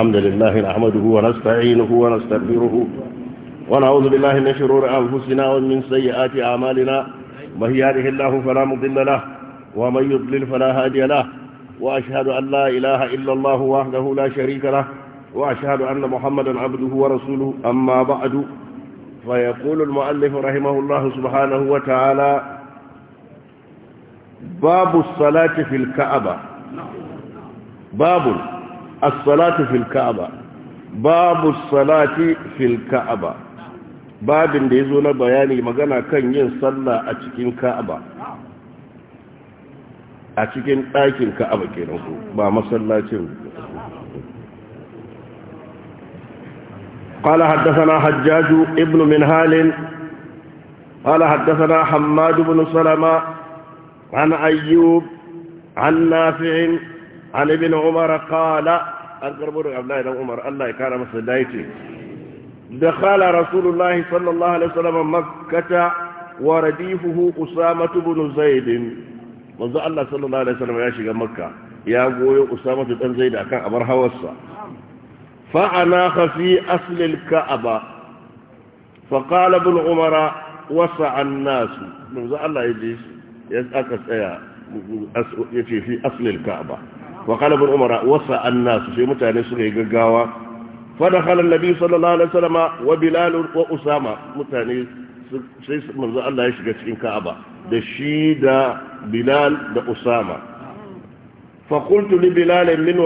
الحمد لله نحمده ونستعينه ونستغفره ونعوذ بالله من شرور أنفسنا ومن سيئات أعمالنا من يهده الله فلا مضل له ومن يضلل فلا هادي له وأشهد أن لا إله إلا الله وحده لا شريك له وأشهد أن محمدا عبده ورسوله أما بعد فيقول المؤلف رحمه الله سبحانه وتعالى باب الصلاة في الكعبة باب as-salatu fil ka'aba babu salati fil ka'aba babin da yazo na bayani magana kan yin sallah a cikin ka'aba a cikin ɗakin ka'aba kenan ko ba masallacin قال حدثنا حجاج ابن منهال قال حدثنا حماد بن سلمة عن أيوب عن نافع عن ابن عمر قال an karbo da Abdullahi dan Umar Allah ya kara masa da yace dakhala Rasulullah sallallahu alaihi wasallam Makkah wa radifuhu Usama ibn Zaid manzo Allah sallallahu alaihi wasallam ya shiga Makka ya goyo Usama dan Zaid akan abar hawarsa fa ana khafi asl al-Ka'aba فقال ابن عمر allah ya منذ ya يجيش يسأك السياء يتي في أصل الكعبة wa Umar ibn umara wasa sai mutane suka yi gaggawa fa dakhala annabi sallallahu alaihi wasallam wa bilal wa usama mutane Allah ya shiga cikin ka'aba da shi da bilal da usama fa qultu li bilal min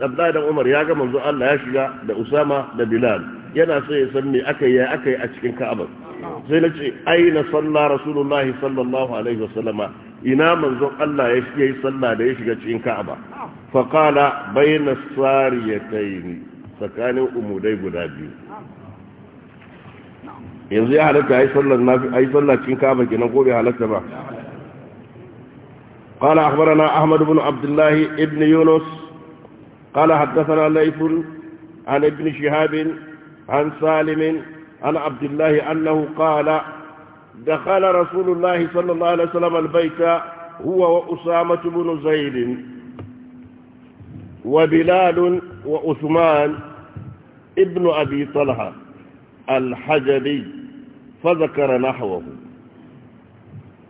abdullahi umar ya ga manzo Allah ya shiga da usama da bilal yana so ya san me aka yi aka yi a cikin ka'aba sai na ce aina salla rasulullahi sallallahu alaihi wasallama ina manzon Allah ya shi yayi sallah da ya shiga cikin Ka'aba fa qala bayna sariyatayn tsakanin umudai guda biyu yanzu ya halatta ai sallar nafi ai sallar cikin Ka'aba kenan ko bai halatta ba qala akhbarana ahmad ibn abdullah ibn yunus qala hadathana laifin an ibn shihab an salim an abdullah annahu qala دخل رسول الله صلى الله عليه وسلم البيت هو وأسامة بن زيد وبلال وعثمان ابن أبي طلحة الحجبي فذكر نحوه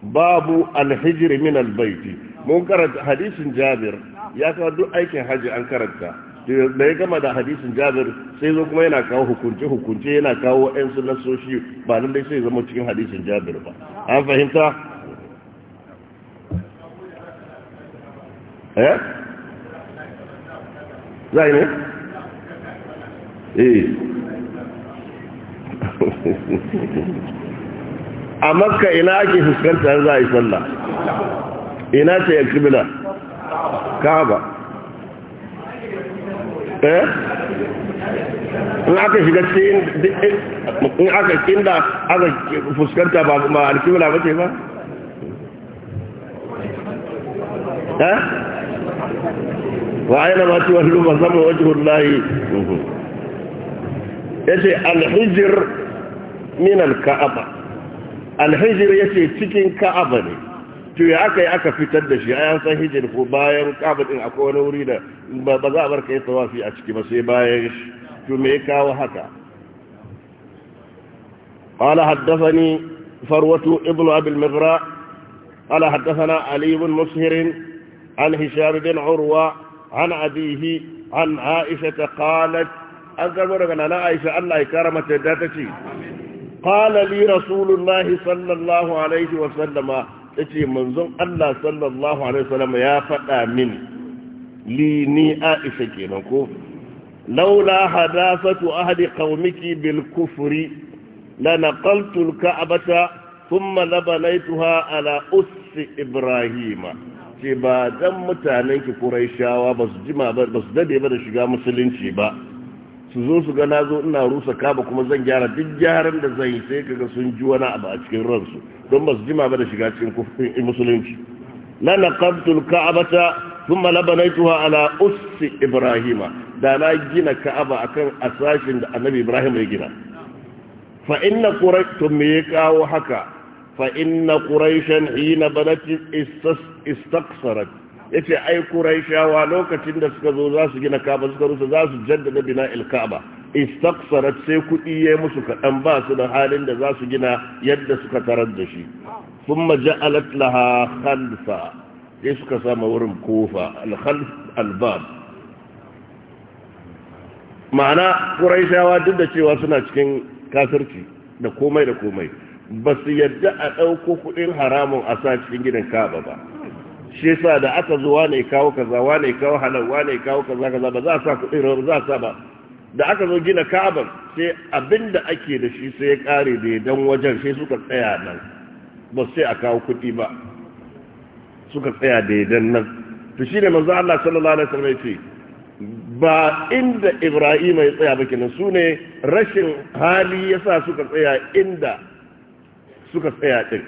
باب الحجر من البيت منكر حديث جابر يا ترى دو أيك حاجة أنكرتها da ya gama da hadisin jabir sai zo kuma yana kawo hukunce hukunce yana kawo ƴan sunan soshi ba nan dai sai zama cikin hadisin jabir ba an fahimta eh zai ne eh a makka ina ake fuskantar za a yi sallah ina ce ya ka ba eh in aka shiga cikin aka inda aka fuskanta ba ma alkibla ba ce ba eh wa aina ma tuwar lufa sama wajihun layi ya ce alhijir min alka'aba alhijir ya ce cikin ka'aba ne to ya aka yi aka fitar da shi a yan san ko bayan kabar din akwai wani wuri da ba za a bar kai tsawa fi a ciki ba sai bayan shi to me ya kawo haka qala haddathani farwatu ibnu abil mizra qala haddathana ali an hisham bin urwa an abihi an aisha qalat an gabo daga nana aisha allah ya karamata yadda ta ce قال لي رسول الله صلى الله ce manzon Allah sallallahu alaihi wasallam ya faɗa min Lini ni Aisha kenan ko laula hadasatu ahadi qaumiki bil kufri la naqaltu al ka'bata thumma labalaituha ala ussi ibrahima ce ba dan mutanen ki quraishawa ba su jima ba su dade ba da shiga musulunci ba su zo su ga nazo ina rusa kaba kuma zan gyara duk gyaran da zan yi sai kaga sun ji wani abu a cikin ransu don ba su jima ba da shiga cikin musulunci la naqabtul ka'abata thumma labanaituha ala ussi ibrahima da na gina ka'aba akan asashin da annabi ibrahim ya gina fa inna quraish to kawo haka fa inna quraishan hina banat istaqsarat yace ai quraishawa lokacin da suka zo za su gina ka'aba suka rusa za su jaddada bina'il ka'aba istaksarat sai kuɗi ya musu kaɗan ba su da halin da za su gina yadda suka tarar da shi sun maja'alat laha khalfa sai suka sama wurin kofa alkhalf albab ma'ana ƙuraishawa duk da cewa suna cikin kafirci da komai da komai ba su yadda a ɗauko kuɗin haramun a sa cikin gidan kaba ba shi yasa da aka zo ne kawo kaza wane kawo halawa ne kawo kaza kaza ba za a sa kuɗin ba za a sa ba da aka zo gina kaban sai abin da ake da shi sai ya kare da dan wajen sai suka tsaya nan ba sai a kawo kuɗi ba suka tsaya da dan nan to shine manzo Allah sallallahu alaihi wasallam ce ba inda Ibrahim ya tsaya ba kenan ne rashin hali yasa suka tsaya inda suka tsaya din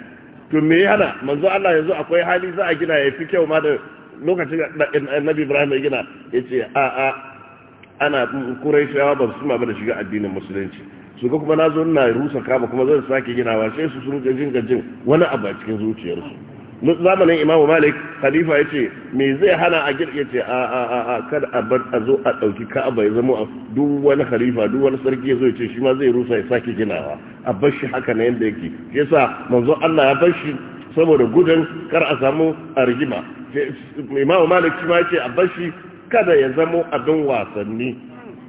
to me ya yana manzo Allah yanzu akwai hali za a gina ya fi kyau ma da lokacin da Annabi Ibrahim ya gina yace a a ana kurai kuraishawa ba su ma ba da shiga addinin musulunci su ga kuma na zo na rusa kama kuma zan sake ginawa sai su sun gajin gajin wani abu a cikin zuciyarsu zamanin imamu malik khalifa ya ce me zai hana a girke ce a a a a kada a bar a zo a ɗauki ka'aba ya zama duk wani khalifa duk wani sarki ya zo ce shi ma zai rusa ya sake ginawa a bar shi haka na yadda yake yasa manzo Allah ya bar shi saboda gudun kar a samu argima. Imam imamu malik shi ma ya ce a bar shi kada ya zamo abin wasanni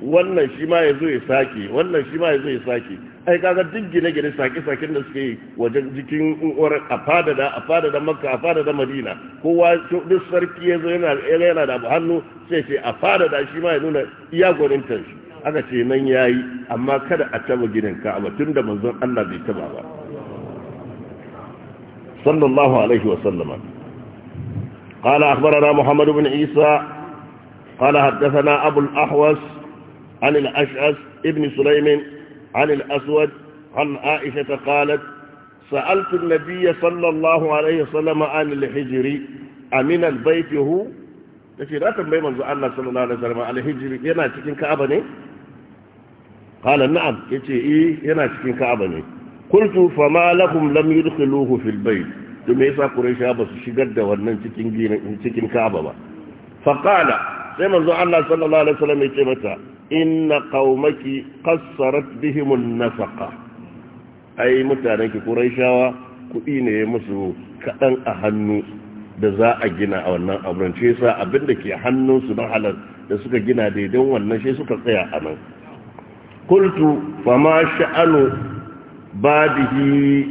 wannan shi ma ya zo ya sake wannan shi ma ya zo ya sake ai kaga duk gine-gine sake-saken da suke yi wajen jikin uwar a fadada a fadada makka a fadada madina kowa duk sarki ya zo yana da abu hannu sai ce a fadada shi ma ya nuna iya gwanintar shi aka ce nan ya yi amma kada a taba ginin ka'aba tun da manzon allah bai taba ba sallallahu alaihi wa sallama قال أخبرنا محمد بن عيسى قال حدثنا أبو الأحوص عن الأشعث ابن سليم عن الأسود عن عائشة قالت سألت النبي صلى الله عليه وسلم عن الحجري أمن البيت هو تشي راتب تنبي زعلنا الله صلى الله عليه وسلم على الحجري ينا تكين كعبة قال نعم يتي إيه ينا تكين كعبة قلت فما لكم لم يدخلوه في البيت ثم يسا قريشا بس شقد ونن تكين كعبة فقال sai manzo Allah sallallahu alaihi wasallam ya ce mata inna qaumaki qassarat bihim an-nafaqa ai mutanen ki quraishawa kudi ne musu kadan a hannu da za a gina a wannan abun ce sa abinda ke hannunsu na halal da suka gina daidan wannan shi suka tsaya a nan qultu fama sha'anu badihi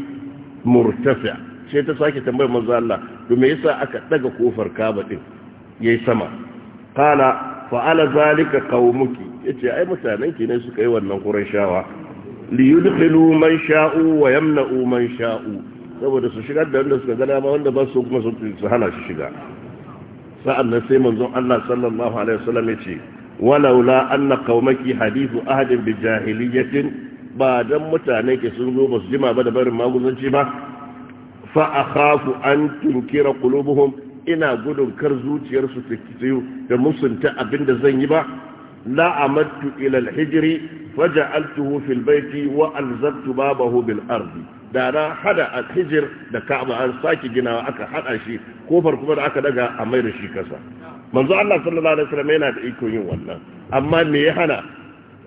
murtafi sai ta sake tambayar manzo Allah to me yasa aka daga kofar kaba din yayi sama qala fa ala zalika qaumuki yace ai mutanen ki ne suka yi wannan shawa li yudkhilu man sha'u wa yamna'u man sha'u saboda su shigar da wanda suka gada ma wanda ba su kuma su hana shi shiga sa'an na sai manzon Allah sallallahu alaihi wasallam yace walaula anna qaumaki hadithu ahadin bi jahiliyyatin ba don mutanenki sun zo ba su jima ba da barin maguzanci ba fa a khafu an tunkira qulubuhum ina gudun kar zuciyarsu su da musunta abin da zan yi ba la amattu ila al faja'altuhu fil baiti wa alzabtu babahu bil ardi da na hada al da ka'aba an saki ginawa aka hada shi kofar kuma da aka daga a mai da shi kasa manzo Allah sallallahu alaihi wasallam yana da iko yin wannan amma me ya hana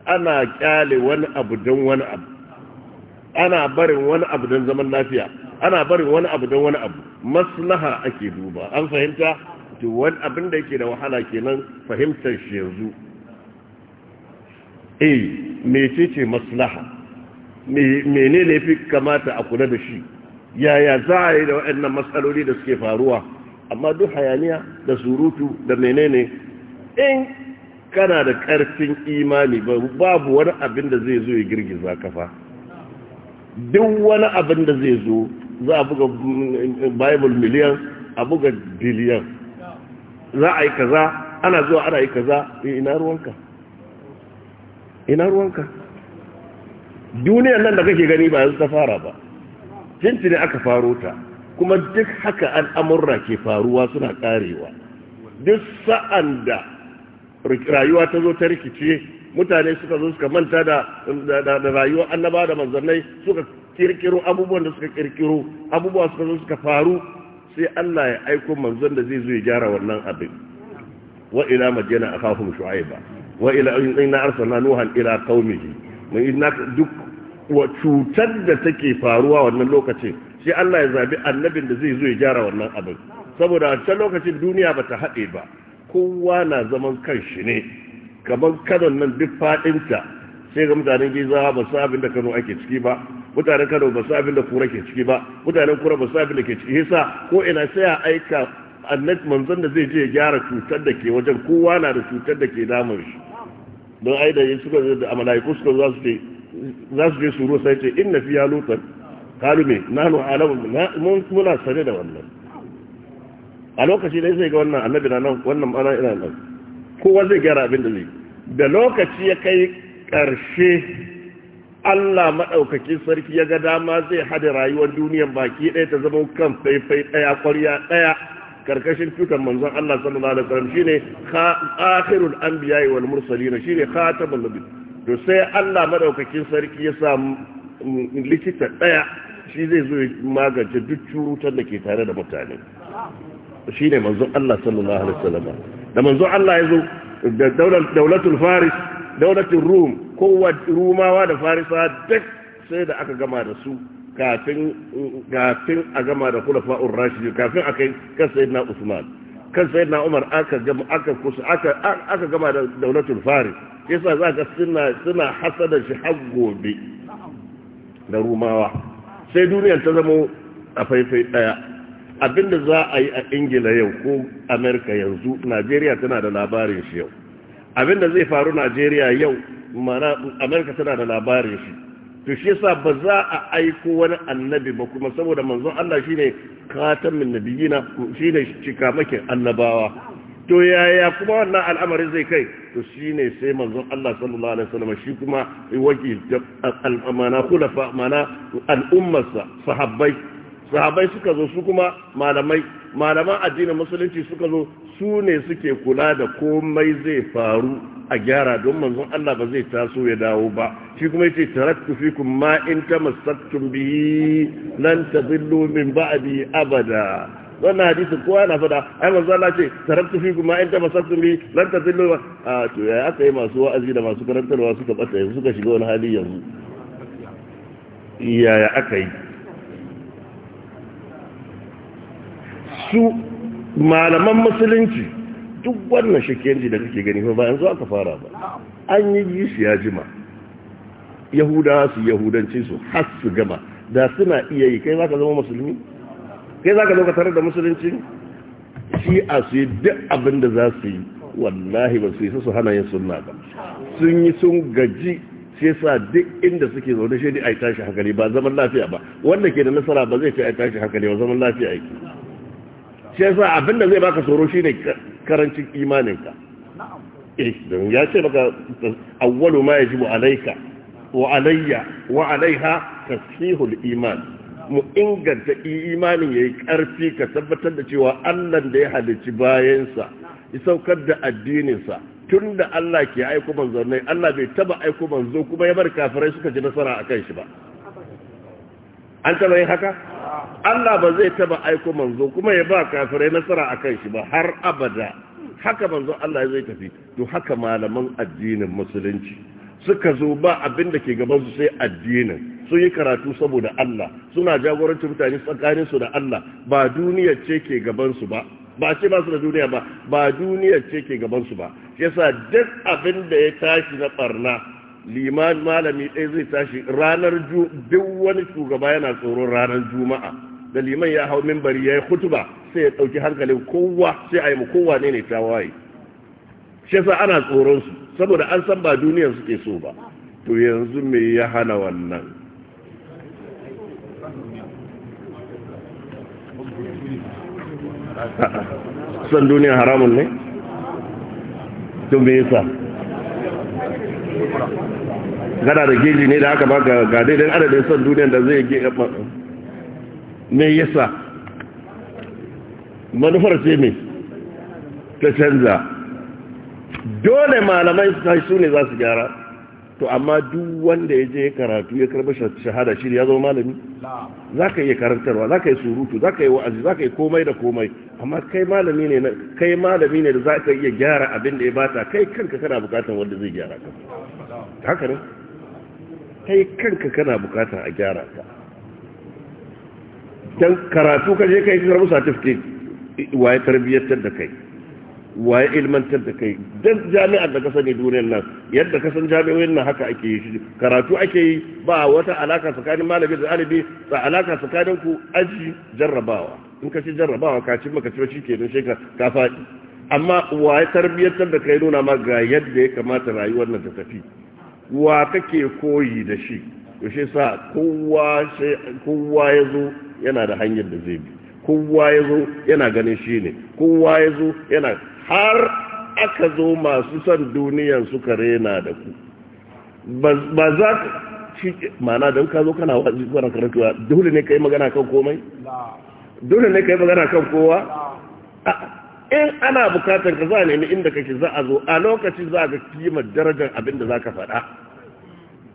ana kyale wani abu don wani abu ana barin wani abu don zaman lafiya ana barin wani abu don wani abu maslaha ake duba an fahimta to wani abin da yake da wahala kenan fahimtar shi yanzu eh mecece maslaha ne fi kamata a kula da shi yaya za a yi da waɗannan matsaloli da suke faruwa amma duk hayaniya da surutu da menene in kana da ƙarfin imani babu wani abin da zai zo ya girgiza kafa duk wani abin da zai zo za a buga bible miliyan a buga biliyan za a yi kaza ana zuwa ana yi kaza eh, ina ruwanka ina ruwanka duniyar nan da kake gani ba yanzu ta fara ba jinti aka faro ta kuma duk haka al'amurra ke faruwa suna karewa duk sa'an da rayuwa ta zo ta rikice mutane suka zo suka manta da rayuwar annaba da manzannai suka kirkiro abubuwan da suka kirkiro abubuwa suka zo suka faru sai Allah ya aiko manzon da zai zo ya gyara wannan abin wa ila madiyana akahum shu'aiba wa ila inna arsalna nuhan ila qaumihi mun inna duk wa cutar da take faruwa wannan lokacin sai Allah ya zabi annabin da zai zo ya gyara wannan abin saboda a lokacin duniya bata haɗe ba kowa na zaman kanshi ne gaban kanon nan duk fadinta sai ga mutanen giza ba su abin da kano ake ciki ba mutanen kano ba su abin da kura ke ciki ba mutanen kura ba su abin da ke ciki sa ko ina sai a aika annat manzon da zai je gyara cutar da ke wajen kowa na da cutar da ke damun shi don ai da suka da malaiku suka za su ce za su je su ruwa sai ce inna fiya lutan kalu me nanu alamu mun muna sane da wannan a lokaci da sai ga wannan annabi na nan wannan ana ina nan kowa zai gyara abin da zai da lokaci ya kai ƙarshe Allah maɗaukaki sarki ya ga dama zai hada rayuwar duniyar baki ɗaya ta zama kan faifai ɗaya ƙwarya ɗaya Ƙarƙashin cutar manzon Allah sallallahu alaihi wasallam shine akhirul anbiya'i wal mursalin shine khatamul nabi to sai Allah Maɗaukakin sarki ya samu likita ɗaya shi zai zo magance duk curutar da ke tare da mutane shine manzon Allah sallallahu alaihi wasallam da manzo Allah ya zo da daulatul faris daulatul rum kowa rumawa da farisa duk sai da aka gama da su kafin kafin a gama da khulafa'ur rashidin kafin akai kan sayyidina usman kan sayyidina umar aka gama aka kusa aka aka gama da daulatul faris yasa ka suna suna hasada shi har gobe da rumawa sai duniyar ta zama a faifai daya Abin da za a yi a ingila yau ko amerika yanzu najeriya tana da labarin shi yau abinda zai faru najeriya yau mana amerika tana da labarin shi to shi yasa ba za a aiko wani annabi ba kuma saboda manzon Allah shine khatamin nabiyina shine cikamakin annabawa to yaya kuma wannan al'amari zai kai to shine sai manzon Allah sallallahu alaihi wasallam shi kuma wakil al'amana fa mana al'ummarsa sahabbai sahabai suka zo su kuma malamai malaman addinin musulunci suka zo su ne suke kula da komai zai faru a gyara don manzon Allah ba zai taso ya dawo ba shi kuma yace taraktu fikum ma in tamassaktum bi lan tadillu min ba'di abada wannan hadisi kowa na fada ai manzo Allah ce taraktu fikum ma in tamassaktum bi lan tadillu a to ya aka yi masu wa'azi da masu karantarwa suka bata yanzu suka shiga wani hali yanzu yaya aka yi su malaman musulunci duk wannan shakiyanci da kake gani ba yanzu aka fara ba an yi shi ya jima yahudawa su yahudanci su har su gama da suna iya yi kai za ka zama musulmi kai za ka zo ka tarar da musulunci shi a su yi duk abin da za su yi wallahi ba su yi su hana yin sunna ba sun yi sun gaji sai sa duk inda suke zaune shi ne a tashi hankali ba zaman lafiya ba wanda ke da nasara ba zai fi a tashi hankali ba zaman lafiya yake shi yasa abinda zai baka tsoro ne karancin imaninka eh don ya ce baka awwalu ma yajibu alayka wa alayya wa alaiha iman mu inganta imanin yayi karfi ka tabbatar da cewa Allah da ya halicci bayansa ya saukar da addininsa tun da Allah ke aiko manzannai Allah bai taba aiko manzo kuma ya bar kafirai suka ji nasara akan shi ba an taba yin haka Allah ba zai taba aiko manzo kuma ya ba kafirai nasara a kan shi ba har abada haka manzo Allah zai tafi to haka malaman addinin musulunci suka zo ba abin da ke gaban su sai addinin sun yi karatu saboda Allah suna jagorancin mutane tsakanin su da Allah ba duniya ce ke gaban su ba ba ce ba su da duniya ba ba duniya ce ke gaban su ba yasa duk abin da ya tashi na barna liman malami ɗaya zai tashi ranar duk wani shugaba yana tsoron ranar juma'a da liman ya hau mimbari ya yi hutuba sai ya ɗauki hankalin kowa sai a yi kowa ne ne ta shi sa ana tsoron su saboda an san ba duniyar suke so ba to yanzu me ya hana wannan san duniya haramun ne to me yasa gada da geji ne da aka ba ga daidan adadin son duniyan da zai ge me yasa manufar ce me ta canza dole malamai su ne za su gyara to amma duk wanda ya je karatu ya karba shahada shi ya zama malami za ka yi karantarwa za ka yi surutu za ka yi wa'azi za ka yi komai da komai amma kai malami ne kai malami ne da za ka iya gyara abin da ya bata kai kanka kana bukatar wanda zai gyara ka haka ne kai kanka kana bukatar a gyara ka don karatu ka je kai karbi certificate waye tarbiyyar da kai waye ilmantar da kai don jami'ar da ka sani duniyar nan yadda ka san jami'oyin nan haka ake yi shi karatu ake yi ba wata alaka tsakanin malami da alibi ba alaka tsakanin ku aji jarrabawa in ka ci jarrabawa ka ci maka ke don shi ka faɗi amma waye tarbiyyar da kai nuna ma ga yadda ya kamata rayuwar nan ta tafi wa kake koyi da shi to shi sa kowa ya zo yana da hanyar da zai bi kowa ya zo yana ganin shi ne kowa ya zo yana har aka zo masu san duniyan suka rena da ku ba za ka ci mana don ka zo kana wazi zuwa karatuwa dole ne ka yi magana kan komai dole ne ka yi magana kan kowa in ana bukatar ka za a nemi inda kake za a zo a lokacin za ga kimar darajar abin da za ka faɗa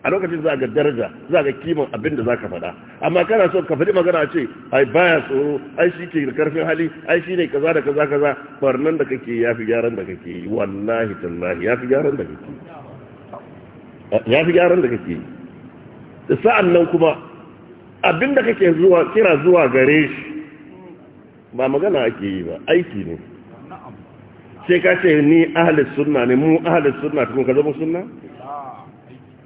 a lokacin za ga daraja za ga kimar abin da za ka faɗa amma kana so ka fadi magana ce ai baya tsoro ai shi ke da karfin hali ai shi ne kaza da kaza kaza farnan da kake ya fi gyaran da kake yi wallahi tallahi ya fi gyaran da kake ya fi gyaran da kake Da sa'an nan kuma abin da kake zuwa kira zuwa gare shi ba magana ake yi ba aiki ne sai ka ce ni ahalis suna ne mu ahalis suna kuma ka zama suna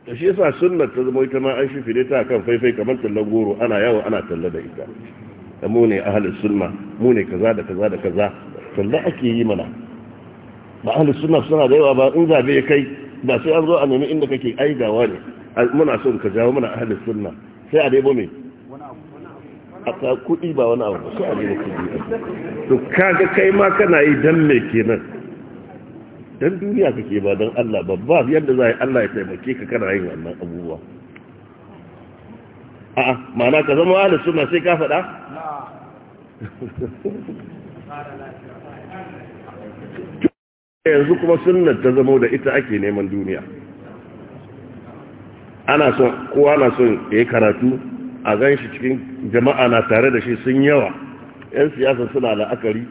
da shi yasa suna ta zama ita ma an shifide ta kan faifai kamar tallan goro ana yawo ana talla da ita da mu ne ahalis suna mu ne kaza da kaza da kaza talla ake yi mana ba ahalis suna suna da yawa ba in zabe ya kai ba sai an zo a nemi inda kake aigawa ne muna son ka jawo mana ahalis suna sai a dai me a ka ba wani abu su aje da kuɗi to kaga kai ma kana yi dan me kenan dan duniya kake ba dan Allah babba yadda za yi Allah ya taimake ka kana yin wannan abubuwa a'a ma'ana ka zama wani suna sai ka faɗa yanzu kuma sunnar ta zama da ita ake neman duniya ana son kowa na son ya karatu a gan shi cikin jama'a na tare da shi sun yawa 'yan siyasa suna la'akari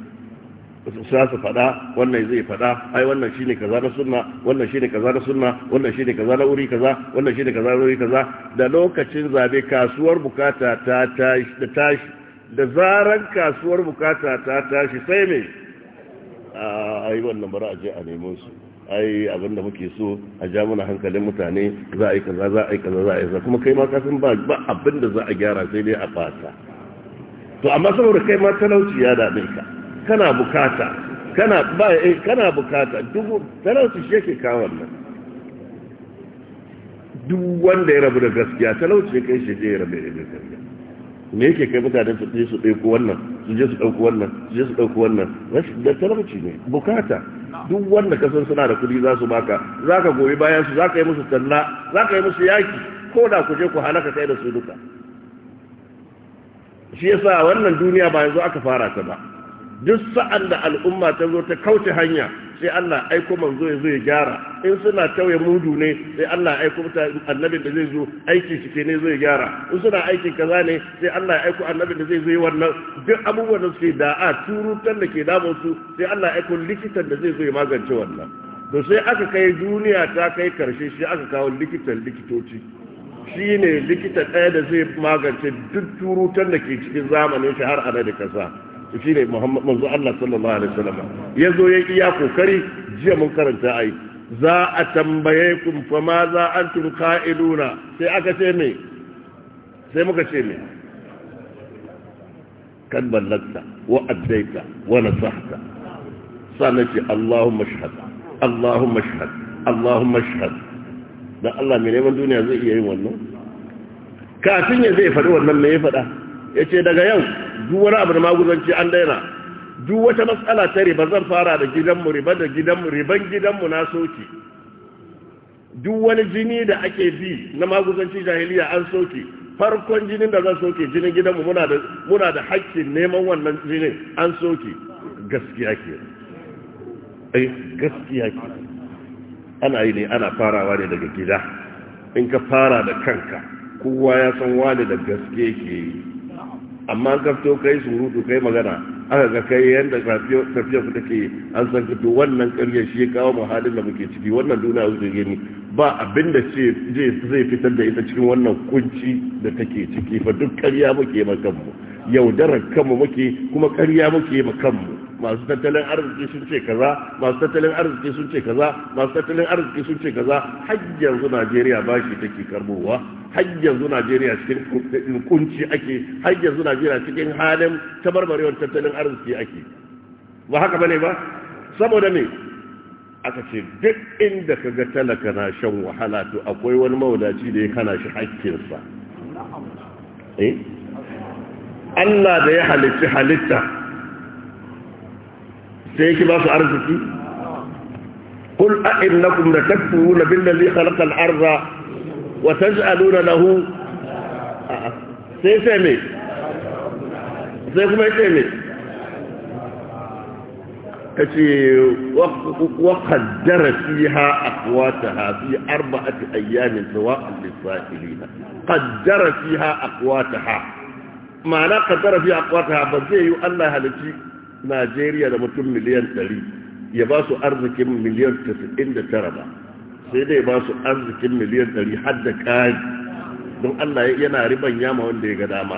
sa su faɗa wannan zai faɗa ai wannan shine kaza na sunna wannan shine kaza na sunna wannan shine kaza na wuri kaza wannan shine kaza na wuri kaza da lokacin zabe kasuwar bukata ta tashi da tashi da zaran kasuwar bukata ta tashi sai me ai wannan bara a je a neman su ai abinda muke so a ja mana hankalin mutane za a yi kaza za a yi kaza za a yi kaza kuma kai ma ka san ba abinda za a gyara sai dai a fata to amma saboda kai ma talauci ya dame ka kana bukata kana ba eh kana bukata dubu talauci shi yake kawo wannan duk wanda ya rabu da gaskiya talauci kai shi je ya rabu da gaskiya me yake kai mutane su je su ɗauko wannan su je su ɗauko wannan su je su ɗauko wannan da ne bukata duk wanda kasan suna da kuɗi za su maka, za ka goyi bayan su za ka yi musu talla za ka yi musu yaki ko da ku je ku halaka kai da su duka shi yasa wannan duniya ba yanzu aka fara ta ba duk sa'an da al'umma ta zo ta kauce hanya sai Allah aiko manzo ya zo ya gyara in suna tauye mudu ne sai Allah aiko annabin da zai zo aikin shi ne zai gyara in suna aikin kaza ne sai Allah aiko annabin da zai zo wannan duk abubuwan da suke da a turutan da ke damun su sai Allah aiko likitan da zai zo ya magance wannan to sai aka kai duniya ta kai karshe shi aka kawo likitan likitoci shi ne likita ɗaya da zai magance duk turutan da ke cikin zamanin shi har a da kasa shi ne manzo Allah sallallahu alaihi wasallam ya zo ya iya kokari jiya mun karanta ai za a tambaye kun fa ma za antum qa'iluna sai aka ce me sai muka ce me kan ballagta wa addaita wa nasahta sanati Allahumma shahad Allahumma shahad Allahumma shahad Da Allah mai neman duniya zai iya yin wannan kafin ya zai faɗi wannan me ya faɗa ya ce daga yau duk wani abu da maguzanci an daina duk wata matsala ta riba zan fara da gidanmu riba da gidanmu riban gidanmu na soke duk wani jini da ake bi na maguzanci jahiliya an soke farkon jinin da zan soke jinin gidanmu muna da haƙƙin neman wannan jinin an soke gaskiya ke eh gaskiya ke ana yi ne ana farawa ne daga gida in ka fara da kanka kowa ya san wani da gaske ke yi amma an fito kai surutu kai magana aka ga kai yanda tafiya su take an san fito wannan karya shi ya kawo muhalin da muke ciki wannan duniya wuce gani ba abin da zai fitar da ita cikin wannan kunci da take ciki fa duk karya muke ma kanmu yaudarar kanmu muke kuma karya muke ma kanmu masu tattalin arziki sun ce kaza masu tattalin arziki sun ce kaza masu tattalin arziki sun ce kaza har yanzu Najeriya bashi take karbowa har yanzu Najeriya cikin kunci ake har yanzu Najeriya cikin halin tabarbarewar tattalin arziki ake ba haka bane ba saboda me aka ce duk inda kaga talaka na shan wahala to akwai wani maudaci da ya kana shi hakkinsa eh Allah da ya halitta halitta sai yake ba su arziki kul a'innakum la takfuruna billazi khalaqa al-ardha wa taj'aluna lahu sai sai me sai kuma sai me kace wa qaddara fiha aqwataha fi arba'ati ayyamin na. sawa'an lis-sa'ilin qaddara fiha ha. ma'ana qaddara fiha ha, ba zai yi Allah halici najeriya da mutum miliyan 100 ya ba su arzikin miliyan 99 ba sai dai ba su arzikin miliyan 100 har da kari don allah yana riban yama wanda ya ga dama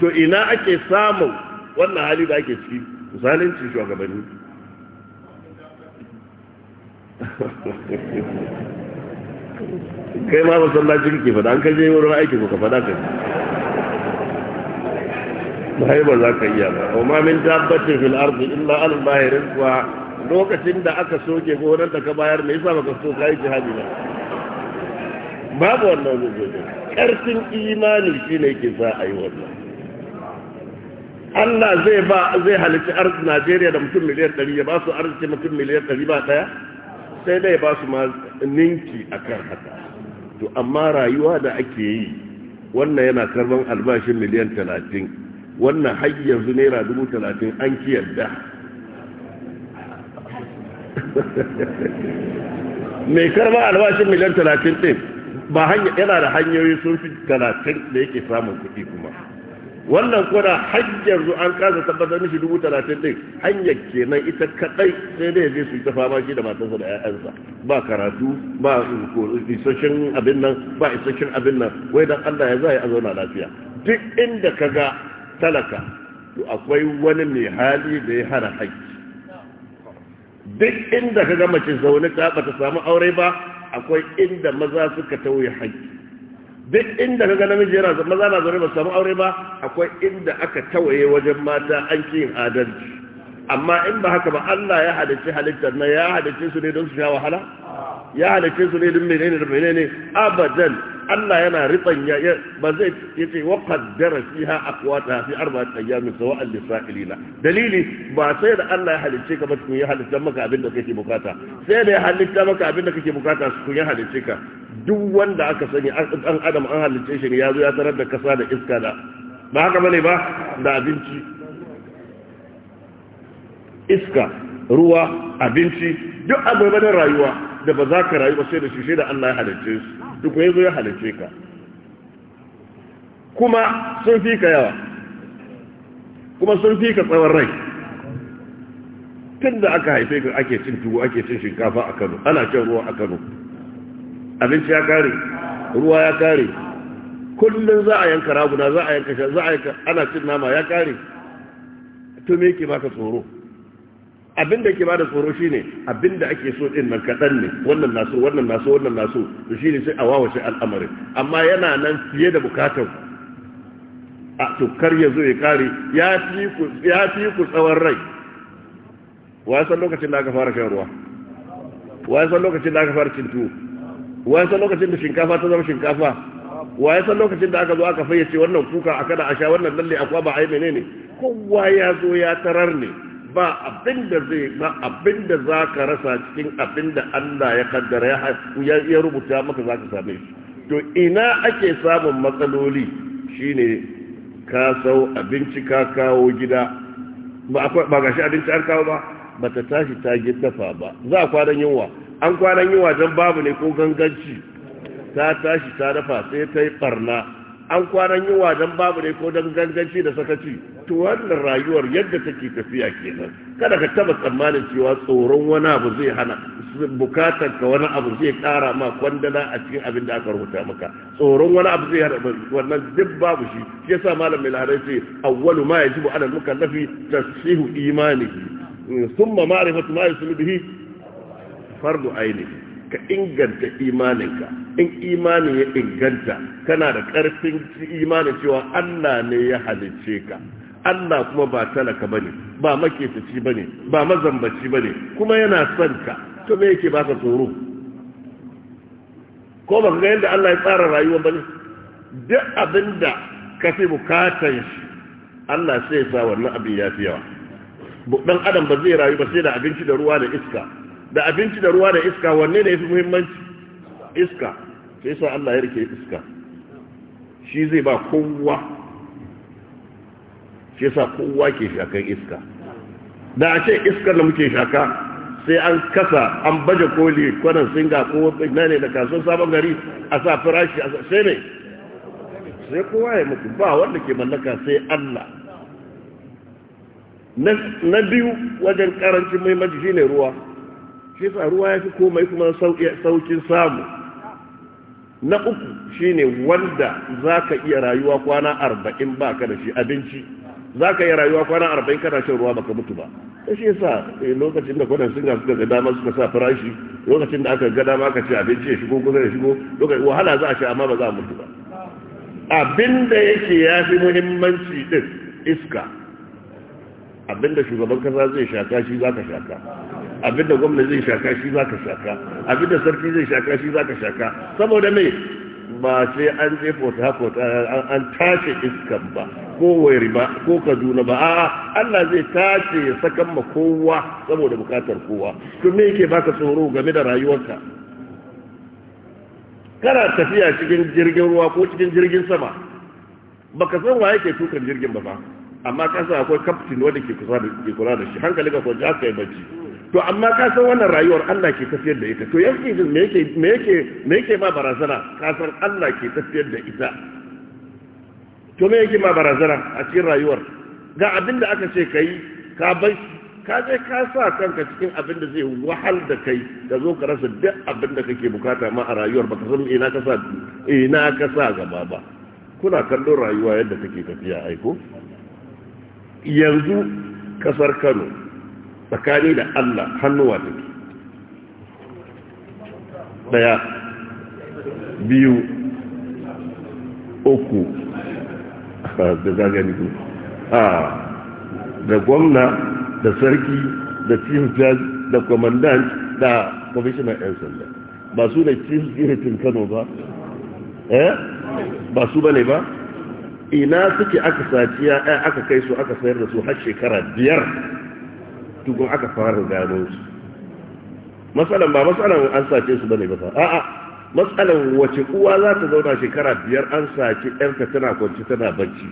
to ina ake samun wannan hali da ake ciki zalunci shugabanni kai ma masallacin ke fada an kaje wurin aiki ko ka fada kai bai ba za ka iya ba amma min dabbatin fil ardi illa Allah wa lokacin da aka soke gonar da ka bayar me yasa baka so kai jihadi ba babu wannan zuwa karfin imani shine ke za a yi wannan Allah zai ba zai halici arzi Najeriya da mutum miliyan 100 ya ba su arziki mutum miliyan 100 ba daya sai dai ba su ma ninki akan haka to amma rayuwa da ake yi wannan yana karban albashin miliyan 30 wannan har yanzu naira dubu talatin an ki yadda mai karba albashin miliyan talatin ɗin ba hanya yana da hanyoyi sun fi talatin da yake samun kuɗi kuma wannan kuna hanyar zu an kasa tabbatar mishi dubu talatin ɗin hanyar kenan ita kaɗai sai dai zai su ta fama shi da matarsa da 'ya'yansa ba karatu ba isasshen abin nan ba isasshen abin nan wai don Allah ya za a zauna lafiya duk inda ka ga talaka to akwai wani mai hali da ya hana haƙƙi duk inda ka ga mace zaune ta ba ta samu aure ba akwai inda maza suka tauye haƙƙi duk inda ka ga namiji yana maza na zaune ba samu aure ba akwai inda aka tawaye wajen mata an ki yin adalci amma in ba haka ba Allah ya halicci halittar na ya halicce su ne don su sha wahala ya halicce su ne don menene da menene abadan Allah yana ribanya ba zai yace wa qaddara fiha aqwata fi arba'ati ayyamin sawa al-lisailina dalili ba sai da Allah ya halicce ka ba kun ya halitta maka abin da kake bukata sai da ya halitta maka abin da kake bukata su ya halicce ka duk wanda aka sani an adam an halicce shi ne ya zo ya tarar da kasa da iska da ba haka bane ba da abinci iska ruwa abinci duk abubuwan rayuwa da ba za ka rayu ba sai da shi da Allah ya halicce su duk ya zo ya halicce ka kuma sun fi ka yawa kuma sun fi ka tsawon rai tun da aka haife ka ake cin tuwo ake cin shinkafa a kano ana cin ruwa a kano abinci ya kare ruwa ya kare kullum za a yanka raguna za a yanka shan, za a yanka ana cin nama ya kare to me yake baka tsoro abin da ke ba da tsoro ne abin da ake so ɗin nan kaɗan ne wannan naso wannan naso wannan naso to ne sai a wawace al'amarin amma yana nan fiye da bukatar a tukar ya zo ya kare ya fi ku tsawon rai wa san lokacin da aka fara shan ruwa wa san lokacin da aka fara cin tuwo wa san lokacin da shinkafa ta zama shinkafa wa san lokacin da aka zo aka fayyace wannan kuka a kada a sha wannan lalle akwai ba ai menene kowa ya zo ya tarar ne ba abin da zai ba abin da za ka rasa cikin abin da Allah ya kaddara ya rubuta maka za ka same shi to ina ake samun matsaloli shine ka sau abinci ka kawo gida ba ga shi abinci an kawo ba ba ta tashi ta dafa ba za a kwanan yunwa an kwanan yunwa don babu ne ko ganganci ta tashi ta dafa sai ta yi barna an kwanan yunwa don babu ne ko don ganganci da sakaci to wannan rayuwar yadda take tafiya kenan kada ka taba tsammanin cewa tsoron wani abu zai hana bukatar ka wani abu zai kara ma kwandana a cikin abin da aka rubuta maka tsoron wani abu zai hana wannan duk babu shi shi yasa malam mai lahadai ce awwalu ma ya jibu ala al-mukallafi tasihu imanihi thumma ma'rifatu ma yusulu bihi fardu ainihi ka inganta imaninka in imani ya inganta kana da ƙarfin imanin cewa Allah ne ya halicce ka Allah kuma ba talaka bane ba makefici bane ba mazambaci bane kuma yana son ka to me yake baka tsoro ko ba ga yadda Allah ya tsara rayuwa bane duk abinda ka fi bukatar shi Allah sai ya sa wannan abin ya fi yawa dan adam ba zai rayu ba sai da abinci da ruwa da iska da abinci da ruwa da iska wanne ne yafi muhimmanci iska sai sa Allah ya rike iska shi zai ba kowa shi yasa kowa ke shakan iska da a ce iskar da muke shaka sai an kasa an baje koli kwanan singa ko na ne da kasuwar sabon gari a sa farashi a sai ne. sai kowa ya mutu ba wanda ke mallaka sai Allah na biyu wajen karancin muhimmanci ne ruwa shi sa ruwa ya fi komai kuma saukin samu na uku shine wanda za ka iya rayuwa kwana arba'in ba ka da shi abinci za ka iya rayuwa kwana arba'in kana shan ruwa baka mutu ba ta shi sa eh, lokacin da kwanan singa suka ga dama suka sa farashi lokacin da aka ga dama aka ce abinci ya shigo kusa ya shigo lokacin wahala za a sha amma ba za a mutu ba abinda yake ya fi muhimmanci din iska abinda shugaban kasa zai shaka shi za ka shaka abinda gwamna zai shaka shi za ka shaka abinda sarki zai shaka shi za ka shaka saboda mai ba sai an je fota an tace iskan ba ko wairi ba ko kaduna ba a'a allah zai tace ya sakan ma kowa saboda bukatar kowa to me yake baka tsoro game da rayuwarka kana tafiya cikin jirgin ruwa ko cikin jirgin sama baka san wa yake tukan jirgin ba ba amma kasa akwai captain wanda ke kusa da ke kula da shi hankali ka kwanci aka yi bacci to amma ka san wannan rayuwar Allah ke tafiyar da ita to yanki me yake me yake me yake ma barazana ka san Allah ke tafiyar da ita to me yake ma barazana a cikin rayuwar ga abin da aka ce kai ka bai ka je ka sa kanka cikin abin da zai wahal da kai ka zo ka rasa duk abin da kake bukata ma a rayuwar baka san ina ka sa ina ka sa gaba ba kuna kallon rayuwa yadda take tafiya aiko yanzu kasar Kano tsakani da Allah hannuwa take daya biyu uku da zagani ku a da gwamna da sarki da chief judge da commandant da commissioner yan sanda ba su da chief jiritin kano ba eh ba su bane ba ina suke aka saciya aka kai su aka sayar da su har shekara biyar tukun aka fara gano su matsalan ba matsalan an sace su bane ba a'a matsalan wace uwa za ta zauna shekara biyar an sace yarka tana kwanci tana bacci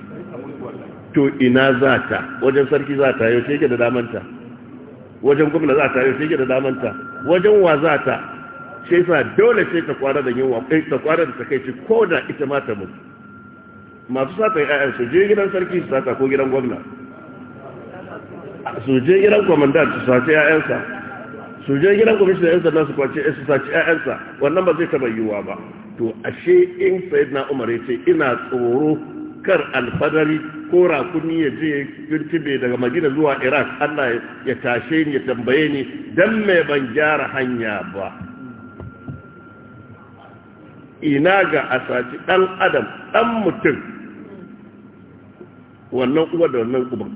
to ina za ta wajen sarki za ta yaushe ke da damanta wajen gwamna za ta yaushe ke da damanta wajen wa za ta sai sa dole sai ta kwara da yunwa kai eh, ta kwara da takaici ko da ita ma ta mutu masu sata yi su je gidan sarki su sata ko gidan gwamna su je gidan kwamandan su sace 'ya'yansa su gidan kwamishinan ƴaƴansa sanda su kwace su sace 'ya'yansa wannan ba zai taɓa yiwuwa ba to ashe in sayid na umar ya ce ina tsoro kar alfadari ko rakuni ya je girtibe daga madina zuwa iraq allah ya tashe ni ya tambaye ni don mai ban gyara hanya ba ina ga a saci ɗan adam ɗan mutum wannan uwa da wannan uban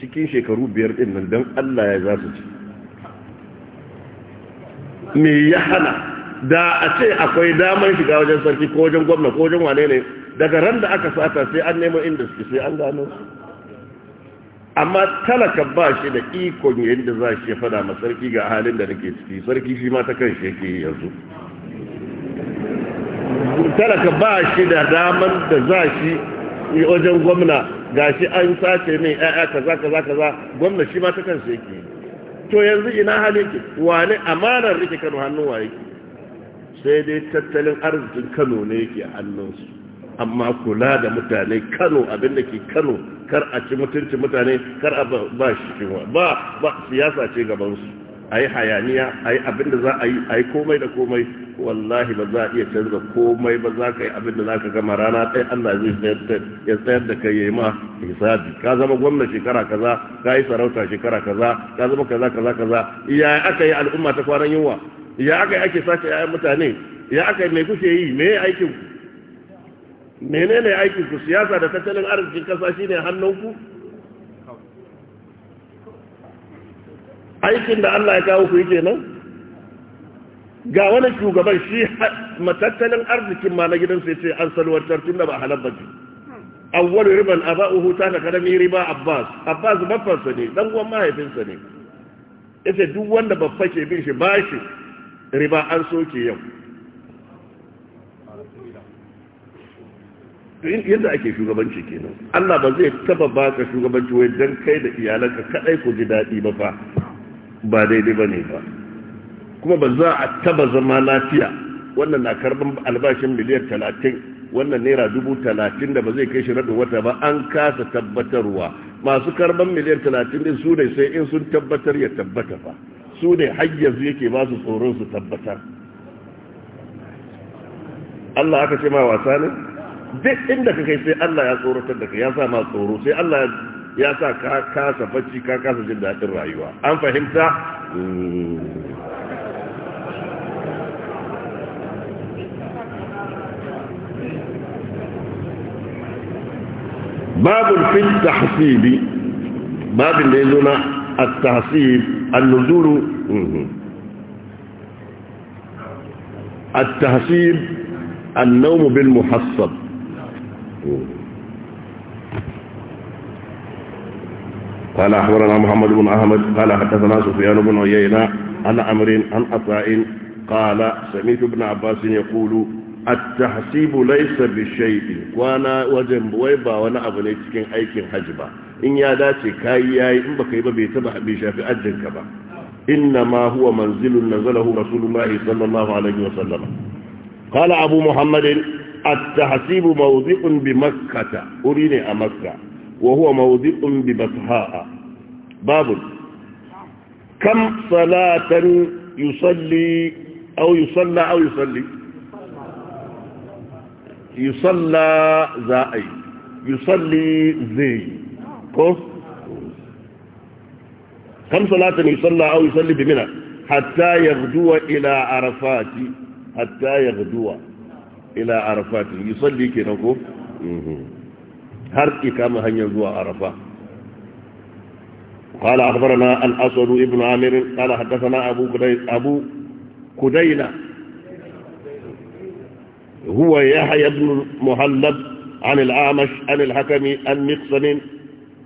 cikin shekaru biyar din nan don Allah ya za su ci me ya hana da a ce akwai damar shiga wajen sarki ko wajen gwamna ko wajen wane ne daga ran da aka sata sai an nemo inda suke sai an gano amma talaka ba shi da ikon yadda za shi ya fada ma sarki ga halin da nake ciki sarki shi ma ta kan shi yake yanzu talaka ba shi da damar da za shi wajen gwamna Ga shi an sace min ƴaƴa kaza kaza kaza gwamna shi ma ta kansa yake yi to yanzu ina halin ki wane amanar rike Kano hannun waye sai dai tattalin arzikin Kano ne yake hannunsu amma kula da mutane Kano abin da ke Kano kar a ci mutunci mutane kar a ba shi ba ba siyasa ce gaban su a yi hayaniya a yi abin da za a yi a yi komai da komai wallahi ba za a iya canza komai ba za ka yi abin da za ka gama rana ɗaya allah zai ya tsayar da kai ya yi ma hisabi ka zama gwamna shekara kaza ka yi sarauta shekara kaza ka zama kaza kaza kaza ya aka yi al'umma ta kwanan yunwa ya aka yi ake sace yayan mutane ya aka yi mai kuke yi me aikin menene aikin ku siyasa da tattalin arzikin kasa shine hannunku aikin da Allah ya kawo ku yake nan ga wani shugaban shi matattalin arzikin ma na gidansa ya ce an salwantar tun da ba halar an wani riban aba'uhu ta ka karami riba abbas abbas baffansa ne dan uwan mahaifinsa ne ce duk wanda ba ke bin shi bashi riba an soke yau yadda ake shugabanci kenan Allah ba zai taba baka shugabanci wai dan kai da iyalanka kadai ku ji dadi ba fa ba daidai ba ne ba kuma ba za a taba zama lafiya wannan na karbin albashin miliyar talatin wannan naira dubu talatin da ba zai kai shi raɗin wata ba an kasa tabbatarwa masu karban miliyar talatin din su ne sai in sun tabbatar ya tabbata ba su ne hanyar yake ba su tsoron su tabbatar Allah aka ce ma wasa ne duk inda ka kai sai Allah ya tsoratar da ka ya sa ma tsoro sai Allah ya. ya sa ka kasa bacci ka kasa jin daɗin rayuwa an fahimta babin fil tahsibi babin da ya zo na at-tahsib an-nuzulu at-tahsib an-nawm bil muhassab قال أخبرنا محمد بن أحمد قال حدثنا سفيان بن عيينة عن أمر عن عطاء قال سمعت ابن عباس يقول التحسيب ليس بشيء وانا وجن بويبا وانا ابني cikin aikin haji ba in ya dace kai yayi in baka yi ba bai taba bai shafi ajinka ba انما هو منزل نزله رسول الله صلى الله عليه وسلم قال ابو محمد التحسيب موضع بمكه اريني امكه وهو موضع ببطحاء باب كم صلاة يصلي أو يصلى أو يصلي يصلى زائي يصلي زي كف كم صلاة يصلى أو يصلي بمنى حتى يغدو إلى عرفات حتى يغدو إلى عرفات يصلي كنكف har ikama hanyar zuwa arafa قال أخبرنا الأسود ابن عامر قال حدثنا أبو, أبو كدينة هو يحيى بن المهلب عن الأعمش عن الحكم عن مقسم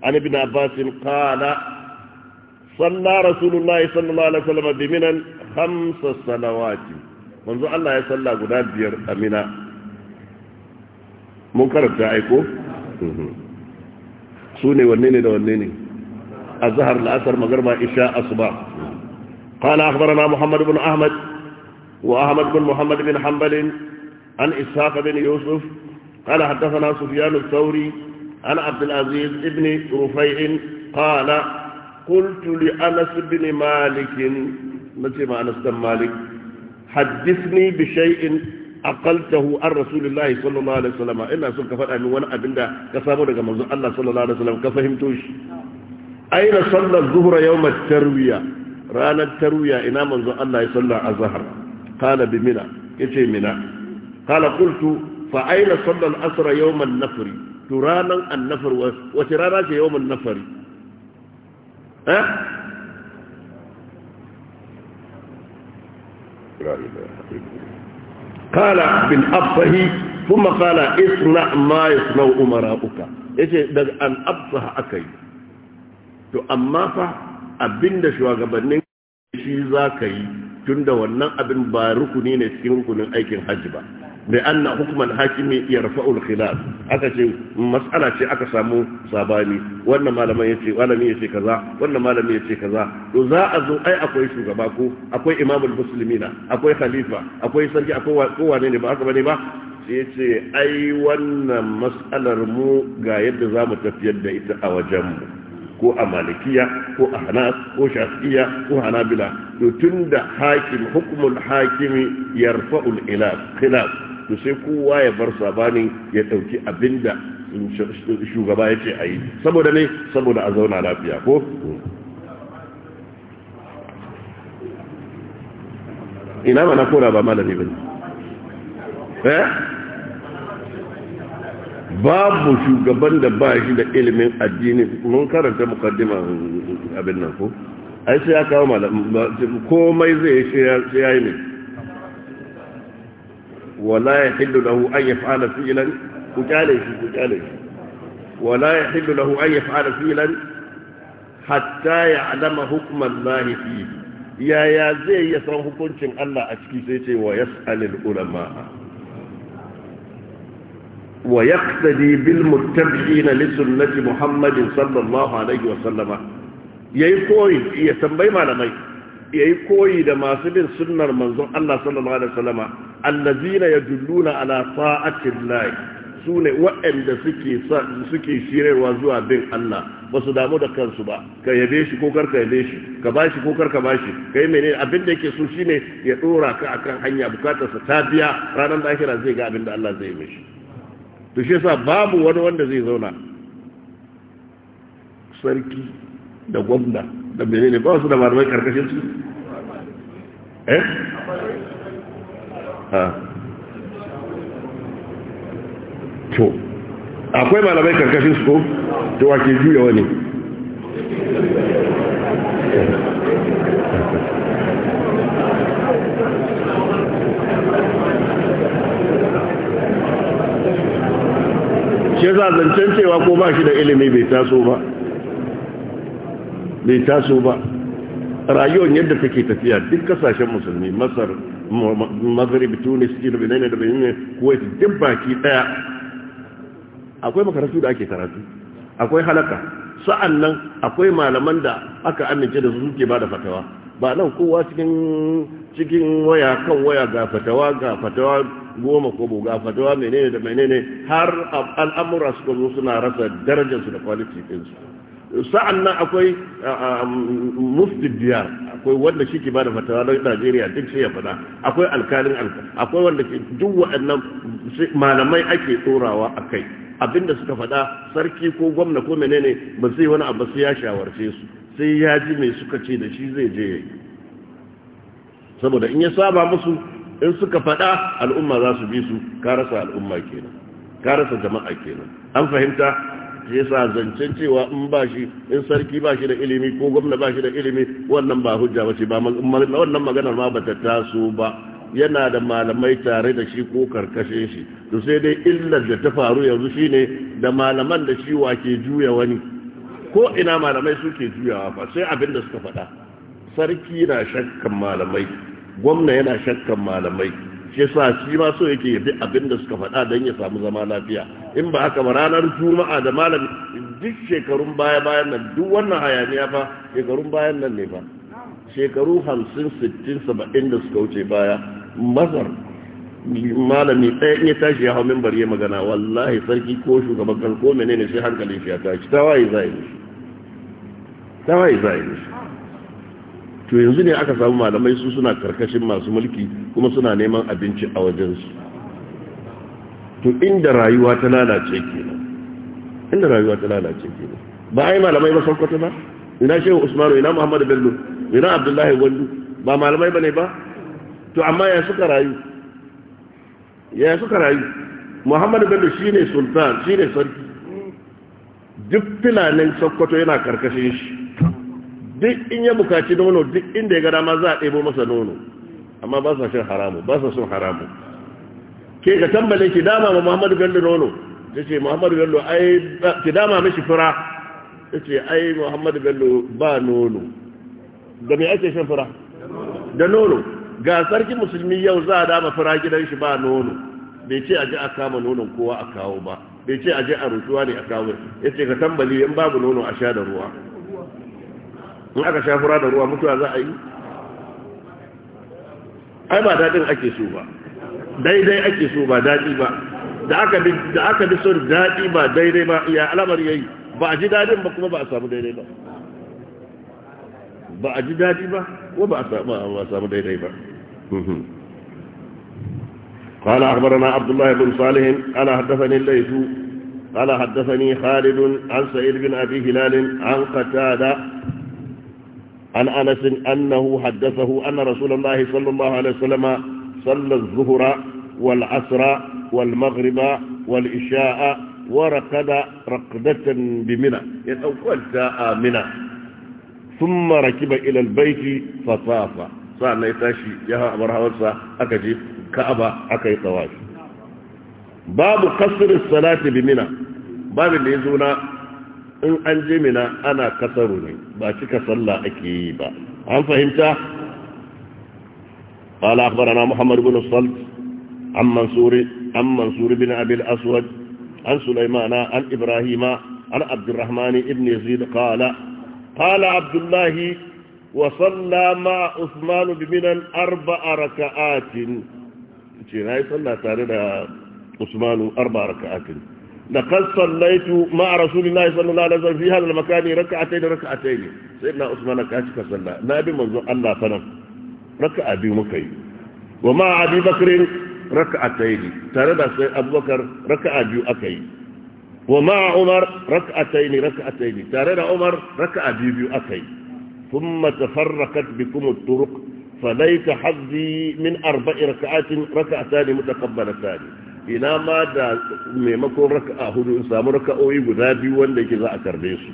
عن ابن عباس قال صلى رسول الله صلى الله عليه وسلم بمنا خمس صلوات منذ الله يصلى قداد بير أمنا منكر تعيكم سوني ne wanne ne da wanne ne a zahar قال أخبرنا محمد بن أحمد وأحمد بن محمد بن حنبل عن إسحاق بن يوسف قال حدثنا سفيان الثوري عن عبد العزيز بن رفيع قال قلت لأنس بن مالك ما أنس بن مالك حدثني بشيء أقلته عن رسول الله صلى الله عليه وسلم إلا سن كفر أمي وانا أبندا كفابو لك الله صلى الله عليه وسلم كفهمتوش أين صلى الظهر يوم التروية رانا التروية إنا من الله صلى الله عليه قال بمنا كيفي منا قال قلت فأين صلى الأسر يوم النفر ترانا النفر وترانا يوم النفر ها لا إله إلا الله kala bin abbahi kuma kala isna ma yasna umara'uka yace daga an abbaha yi to amma fa abinda shugabannin shi zaka yi tunda wannan abin ba rukuni ne cikin rukunin aikin hajji ba بأن حكم الحاكم يرفع الخلاف aka ce mas'ala ce aka samu sabani wannan malamin yace malamin yace kaza wannan malamin yace kaza to za a zo ai akwai shugaba ko akwai imamul muslimina akwai khalifa akwai sarki akwai kowa ne ba aka bane ba sai yace ai wanna mas'alar mu ga yadda za mu tafiyar da ita a wajen mu ko a malikiya ko a hanas ko shafiya ko hanabila to tunda hakim hukmul hakimi yarfa'ul ilaf khilaf to sai kowa ya bar sabanin ya ɗauki abinda shugaba ya ce a yi saboda ne saboda a zauna lafiya ko ina mana kora ba malami ba eh babu shugaban da ba shi da ilimin addini mun karanta mukaddima abin nan ko ai sai ya kawo malam komai zai sai ya yi ne wala ya hillu lahu an yaf'ala fi'lan ku kyale shi ku kyale shi wala ya hillu lahu an yaf'ala fi'lan hatta ya'lama hukma Allah fi ya ya zai ya san hukuncin Allah a ciki sai ce wa yas'alul ulama wa yaqtadi bil muttabi'in li sunnati Muhammadin sallallahu alaihi wa sallama yayi koyi ya tambayi malamai yayi koyi da masu bin sunnar manzon Allah sallallahu alaihi sallama allazina yadulluna ala sa'atillahi sune wa'anda suke suke shirewa zuwa bin Allah ba su damu da kansu ba ka yabe shi ko karka yabe shi ka ba shi ko karka shi kai menene abin da yake so shine ya dora ka akan hanya sa ta biya ranar lahira zai ga abin da Allah zai mishi to shi yasa babu wani wanda zai zauna sarki da gwamna da menene ba su da malamai karkashin su eh to akwai malamai karkashin su ko to wake juya wani shi za zancen cewa ko ba shi da ilimi bai taso bai taso ba rayuwar yadda take tafiya duk kasashen musulmi masar maghrib tunis da benin da benin kuwait duk baki daya akwai makarantu da ake karatu akwai halaka sa'annan akwai malaman da aka amince da su suke bada fatawa ba nan kowa cikin cikin waya kan waya ga fatawa ga fatawa goma ko ga fatawa menene da menene har al'amura suka suna rasa darajarsu da kwalitin sa'an nan akwai um, mufti Biya, akwai wanda shi ke bada fatawa don najeriya duk sai ya fada akwai alkalin akwai wanda ke duk waɗannan malamai ake tsorawa a kai abinda suka faɗa sarki ko gwamna ko menene ba sai wani abu sai ya shawarce su sai ya ji mai suka ce da shi zai je yayi saboda in ya saba musu in suka faɗa al'umma za su bi su ka rasa al'umma kenan ka rasa jama'a kenan an fahimta ya sa zancen cewa in ba shi in sarki ba shi da ilimi ko gwamna ba shi da ilimi wannan ba hujja ba ce ba wannan maganar ma ba ta taso ba yana da malamai tare da shi ko karkashin shi to sai dai illar da ta faru yanzu shine da malaman da shi wa ke juya wani ko ina malamai suke juyawa fa sai abin da suka faɗa sarki na shakkan malamai gwamna yana shakkan malamai shi sa shi ma so yake yabi abin da suka faɗa don ya samu zama lafiya in ba haka ba ranar juma'a da malami duk shekarun baya bayan nan duk wannan hayaniya fa shekarun bayan nan ne fa shekaru hamsin sittin saba'in da suka wuce baya mazar malami ɗaya in ya tashi ya hau mimbar ya magana wallahi sarki ko shugaban kan ko menene sai hankalin shi ya tashi tawaye zai mishi tawaye zai mishi to yanzu ne aka samu malamai su suna karkashin masu mulki kuma suna neman abinci a wajensu to inda rayuwa ta lalace kenan inda rayuwa ta lalace kenan ba ai malamai ba Sokoto ba ina shehu usmanu ina muhammadu bello ina abdullahi gwandu ba malamai bane ba to amma ya suka rayu ya suka rayu muhammadu bello shine sultan shine sarki duk filanin sokoto yana karkashin shi duk in ya bukaci nono duk inda ya ga dama za a ɗebo masa nono amma ba sa shan haramu ba sa son haramu ke ga tambale ki dama ma Muhammadu Bello nono ce Muhammadu Bello ai ki dama mishi fura ce ai Muhammadu Bello ba nono da me ake shan fura da nono ga sarki musulmi yau za a dama fura gidan shi ba nono bai ce a ji a kama nonon kowa a kawo ba bai ce a ji a rutuwa ne a kawo ya ce ka tambali in babu nono a sha da ruwa in aka shafura da ruwa mutuwa za a yi ai ba daɗin ake so ba daidai ake so ba daɗi ba da aka bi son daɗi ba daidai ba ya alamar yayi ba a ji daɗin ba kuma ba a samu daidai ba ba a ji daɗi ba kuma ba a samu daidai ba mhm. قال أخبرنا عبد الله بن صالح قال حدثني الليث قال حدثني خالد عن سعيد بن أبي هلال عن قتادة عن أنس أنه حدثه أن رسول الله صلى الله عليه وسلم صلى الظهر والعصر والمغرب والإشاء ورقد رقدة بمنى يتوكل يعني ساء منى ثم ركب إلى البيت فطاف سألنا يتاشي يها أمرها ورسا أكجي كأبا أكي طواف باب قصر الصلاة بمنى باب اللي يزونا إن an je mina ana kasaru ne ba cika sallah ake قال أخبرنا محمد بن الصلت عن منصور عن منصور بن أبي الأسود عن سليمان عن إبراهيم عن عبد الرحمن بن يزيد قال قال عبد الله وصلى مع عثمان بمنى أربع ركعات جناي صلى تارد عثمان أربع ركعات da kasar laitu ma'a rasulullahi sallallahu alaihi wasallam fi hada da makani raka a taini raka a taini sai na usman na kashi sallah na bi manzo allah sanan raka a biyu muka yi wa ma'a abi bakirin raka a taini tare da sai abubakar raka a biyu aka yi wa ma'a umar raka a taini raka a taini tare da umar raka a biyu aka yi sun mata farrakat bi kuma turuk fa laita hazi min arba'i raka'atin raka a tani mutakabbala tani ina ma da maimakon raka'a hudu in samu raka'o'i guda biyu wanda yake za a karbe su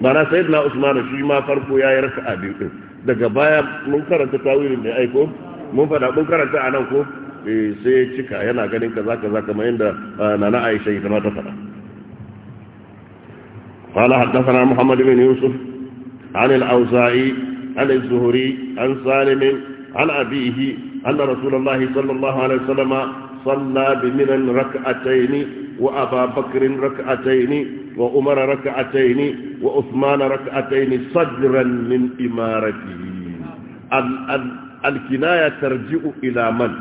mana sai na usmanu shi ma farko ya yi raka'a biyu din daga baya mun karanta tawilin da aiko mun fada mun karanta a nan ko eh, sai cika yana ganin kaza kaza kamar yadda ah, nana aisha ita ma ta fada qala حدثنا muhammad بن yusuf an al عن an عن zuhri an salim an رسول anna rasulullahi sallallahu alaihi وسلم صلى بمنى ركعتين وأبا بكر ركعتين وعمر ركعتين وعثمان ركعتين صدرا من إمارته ال ال الكناية ترجع إلى من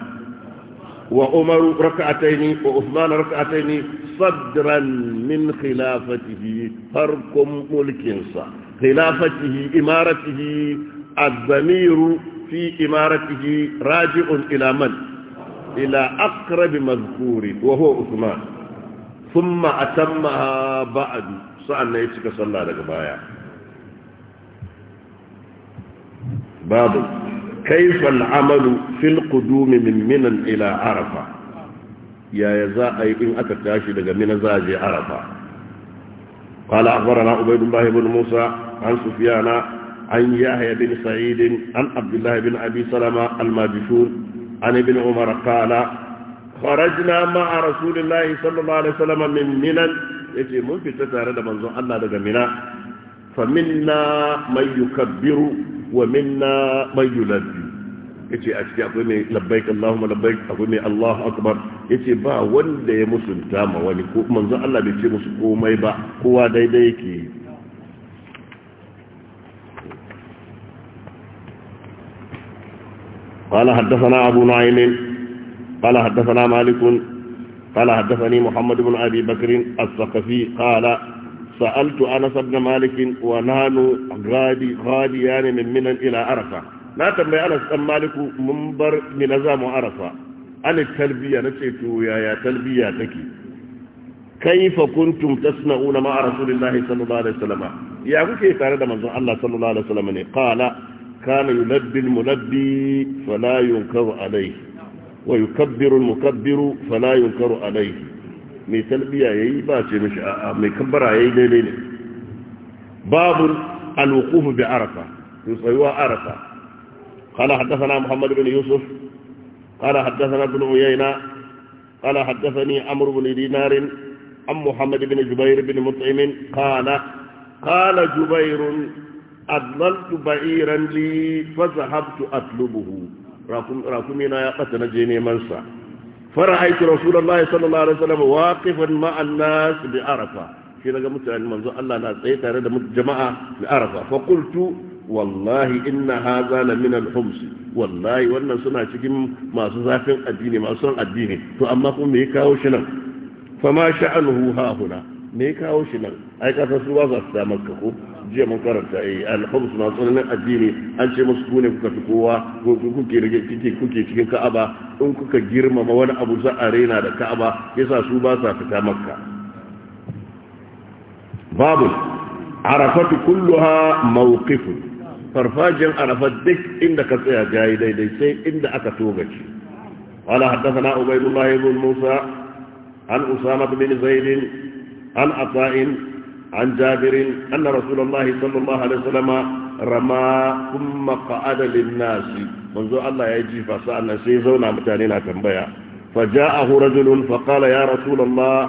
وعمر ركعتين وعثمان ركعتين صدرا من خلافته فركم ملك صح خلافته إمارته الضمير في إمارته راجع إلى من إلى أقرب مذكور وهو عثمان ثم أتمها بعد سألنا يتسك صلى الله عليه وسلم باب كيف العمل في القدوم من منى إلى عرفة يا يزاء إن أتتاشي لك من زاجي عرفة قال أخبرنا عبيد الله بن موسى عن سفيان عن يحيى بن سعيد عن عبد الله بن أبي سلمة الماجشون عن ابن عمر قال خرجنا مع رسول الله صلى الله عليه وسلم من منى يجي من في تتارى من زون الله دغ منى فمنا من يكبر ومنا من يلبي yace a ciki akwai mai labbaik Allahumma labbaik akwai mai Allahu akbar yace ba wanda ya musunta ma wani ko manzon Allah bai ce musu komai ba kowa daidai yake قال حدثنا أبو نعيم قال حدثنا مالك قال حدثني محمد بن أبي بكر الثقفي قال سألت أنس بن مالك ونحن غادي غاديان من منى إلى عرفة لا تنبي أنس بن مالك منبر من نظام عرفة عن التلبية نسيت يا يا تلبية تكي كيف كنتم تسمعون مع رسول الله صلى الله عليه وسلم يا يعني كيف تارد من الله صلى الله عليه وسلم قال كان يلبي الملبي فلا ينكر عليه ويكبر المكبر فلا ينكر عليه mai talbiya ya yi مش ce mashi a mai kambara ya yi daidai قال حدثنا محمد بن يوسف قال حدثنا ابن عيينة قال حدثني عمرو بن دينار عن محمد بن جبير بن مطعم قال قال جبير adlaltu ba'iran li fa zahabtu atlubuhu rakumi na ya na je neman sa fara'aytu rasulullahi sallallahu alaihi wasallam waqifan ma'a an-nas bi arafa shi daga mutane manzo Allah na tsaye tare da jama'a bi arafa fa qultu wallahi inna hadha la min al-hums wallahi wannan suna cikin masu zafin addini masu son addini to amma kuma me ya kawo shi nan fa ma sha'anuhu ha huna me ya kawo shi nan ai ka san su ba za su samu ka ko jiya mun karanta eh al na tsananin addini an ce musu ku kuka fi kowa kuke rage kike kuke cikin Ka'aba in kuka girmama wani abu za a raina da Ka'aba yasa su ba sa fita Makka babu arafatu kulluha mawqifun farfajin arafat duk inda ka tsaya jayi daidai sai inda aka togace wala haddathana ubaydullah ibn musa an usama bin zaid an ata'in عن جابر أن رسول الله صلى الله عليه وسلم رمى ثم قعد للناس منذ الله يجي فسألنا سيزونا متانينا تنبيا فجاءه رجل فقال يا رسول الله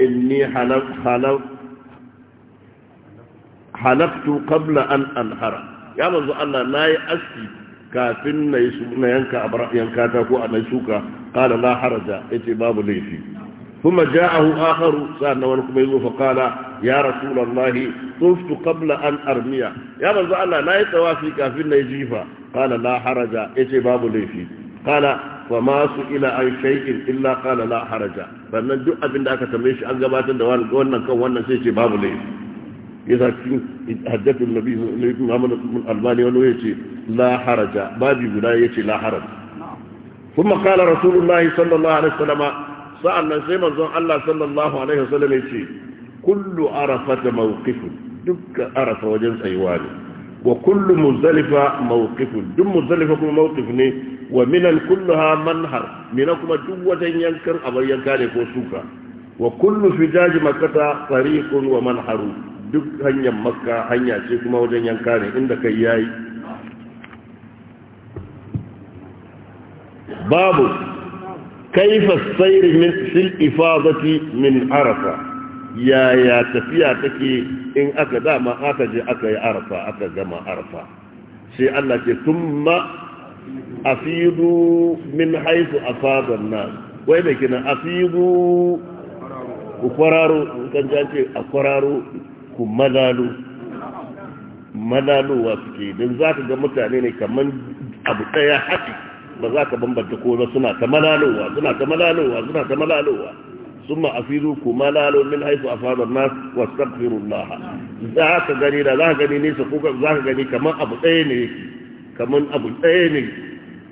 إني حلف حلف حلفت قبل أن أنحر يا منذ الله لا يأسي كافن ينكا أبرأ ينكا تكو أن يسوك قال لا حرج اتباب لي فيه ثم جاءه آخر سألنا ونكم فقال يا رسول الله طفت قبل أن أرمي يا من الله لا يتوافي كافرنا يجيفا قال لا حرج إتي باب ليفي قال فما سئل عن شيء إلا قال لا حرج فمن دؤ أبن داك تميش أن قبات الدوان قولنا كوانا سيتي باب ليفي إذا حدث النبي محمد بن الألباني ونويتي لا حرج بابي بلا يتي لا حرج ثم قال رسول الله صلى الله عليه وسلم sa’an nan sai manzon Allah sallallahu alaihi wasallam ya ce kullu arafa arafata mawqifun dukka arafa wajen tsayuwa ne wa kullu muzalifa mawqifun duk muzalifa kuma mawqif ne wa minan minal kulluha manhar mina kuma duk wajen yankan abar yanka ne ko suka wa kullu fi fijaji makkata tariqun wa manharu duk hanyar makka hanya ce kuma wajen yanka ne inda kai yayi babu كيف السير من في الإفاضة من عرفة يا يا تفيا تكي إن أكا داما أكا جي أكا عرفة أكا جما عرفة شيء الله ثم أفيضوا من حيث أفاض الناس وإذا كنا أفيضوا وقراروا كان جانتي أقراروا كمدالوا madalowa suke don za ka ga mutane ne kamar ba za ka bambanta ko ba suna ta malalowa suna ta malalowa suna ta malalowa ko min ثم أفيدوا كما لالوا من Za ka gani da, za ka gani nesa, ko za ka gani ذاك abu ɗaya ne. تيني abu ɗaya ne,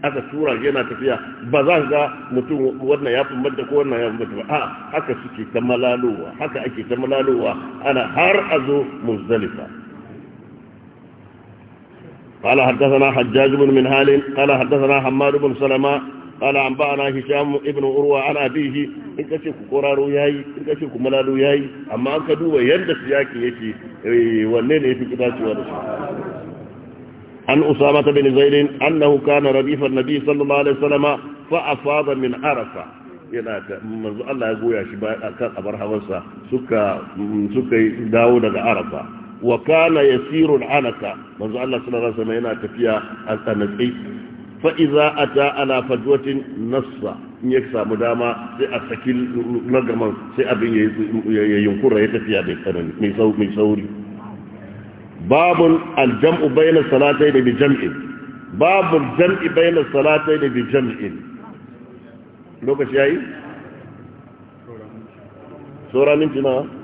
aka tura yana tafiya ba za ka ga mutum wannan ya fumbanta ko wannan ya fumbanta ba haka suke ta malalowa haka ake ta malalowa ana har a zo muzdalifa قال حدثنا حجاج بن منهال قال حدثنا حماد بن سلمة قال أنبأنا هشام ابن أروى عن أبيه إن كشف قرار ياي إن كشف ملال ياي أما أنك دوبا يندس ياكي يشي ونين يفي كتاسي ورشي عن أسامة بن زيد أنه كان رديف النبي صلى الله عليه وسلم فأفاض من عرفة yana ta manzo Allah ya goya shi ba kan abar hawansa suka suka dawo daga Arafa wa kana yasirul anaka manzo Allah sallallahu alaihi wasallam yana tafiya a tsanaki fa idza ata ala fadwatin nassa in ya samu dama sai a saki nagaman sai abin ya yunkura ya tafiya bai tsanani mai sau mai sauri babun aljam'u bayna salatai da bijam'in babun jam'i bayna salatai da bijam'in lokaci yayi sauran minti nawa